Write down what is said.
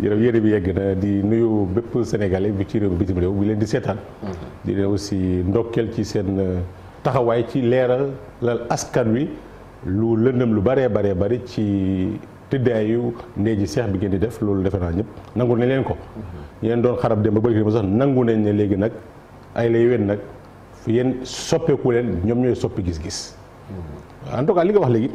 yërëm yére bi yegg na di nuyu bépp sénégalais bu ci réew bitim réew bi leen di seetaan. Mhm. di leen aussi ndokkeel ci seen euh, taxawaay ci leeral lal askan wi lu lëndëm lu baree baree bari ci tëddaayu ndee ji seex bi ngeen di def loolu defe naa ñëpp nangu nañ leen ko. Mhm. yéen doon xarab dem ba bëri sax nangu nañ ne léegi nag ay lay wen nag yéen soppeeku leen ñoom ñooy soppi gis-gis. Mhm. en tout li nga wax léegi.